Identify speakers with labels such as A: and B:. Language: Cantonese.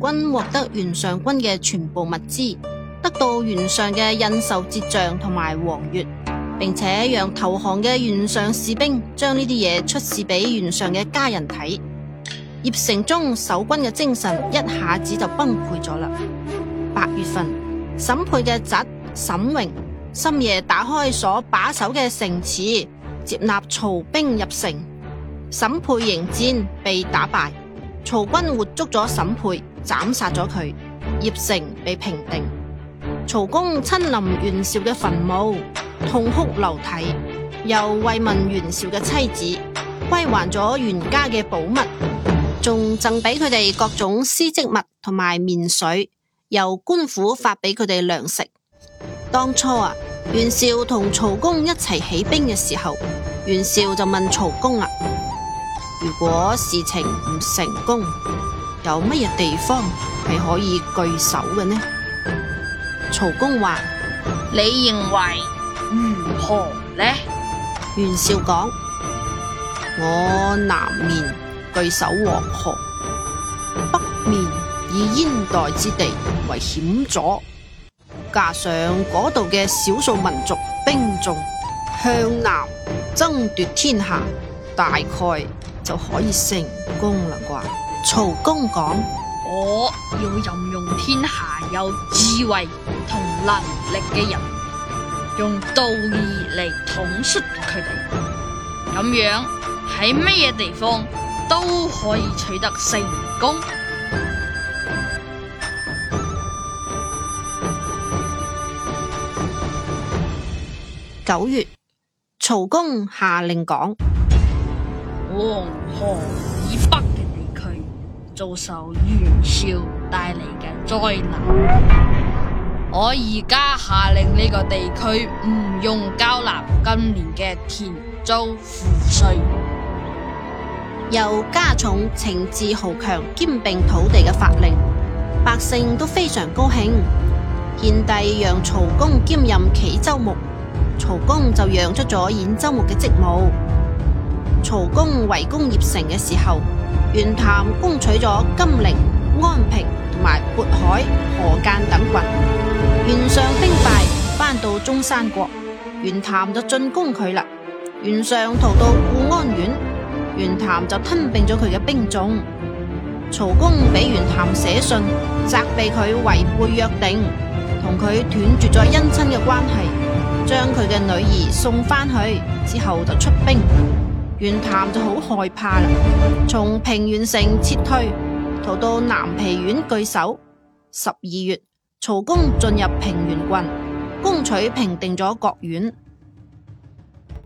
A: 軍獲得袁尚軍嘅全部物資，得到袁尚嘅印綬、節杖同埋黃鉞，並且讓投降嘅袁尚士兵將呢啲嘢出示俾袁尚嘅家人睇。鄴城中守軍嘅精神一下子就崩潰咗啦。八月份，沈佩嘅侄沈榮深夜打開所把守嘅城池，接納曹兵入城。沈佩迎戰被打敗，曹軍活捉咗沈佩。斬殺咗佢，鄴城被平定。曹公親臨袁紹嘅墳墓，痛哭流涕，又慰問袁紹嘅妻子，歸還咗袁家嘅寶物，仲贈俾佢哋各種絲織物同埋面水，由官府發俾佢哋糧食。當初啊，袁紹同曹公一齊起，起兵嘅時候，袁紹就問曹公啦、啊：如果事情唔成功？有乜嘢地方係可以據守嘅呢？曹公話：你
B: 認為如何呢？
A: 袁紹講：我南面據守黃河，北面以燕代之地為險阻，加上嗰度嘅少數民族兵眾，向南爭奪天下，大概就可以成功啦啩。曹公講：
B: 我要任用天下有智慧同能力嘅人，用道義嚟統率佢哋，咁樣喺咩嘢地方都可以取得成功。
A: 九月，曹公下令講：
B: 黃河以北。遭受袁紹帶嚟嘅災難，我而家下令呢個地區唔用交納今年嘅田租賦稅，又
A: 加重懲治豪強兼併土地嘅法令，百姓都非常高興。獻帝讓曹公兼任冀州牧，曹公就讓出咗兗州牧嘅職務。.曹公圍攻鄴城嘅時候，袁譚攻取咗金陵、安平同埋渤海、河間等郡。袁尚兵敗，翻到中山國，袁譚就進攻佢啦。袁尚逃到固安縣，袁譚就吞併咗佢嘅兵種。曹公俾袁譚寫信責備佢違背約定，同佢斷絕咗姻親嘅關係，將佢嘅女兒送翻去之後就出兵。袁譚就好害怕啦，從平原城撤退，逃到南皮縣據守。十二月，曹公進入平原郡，攻取平定咗各縣。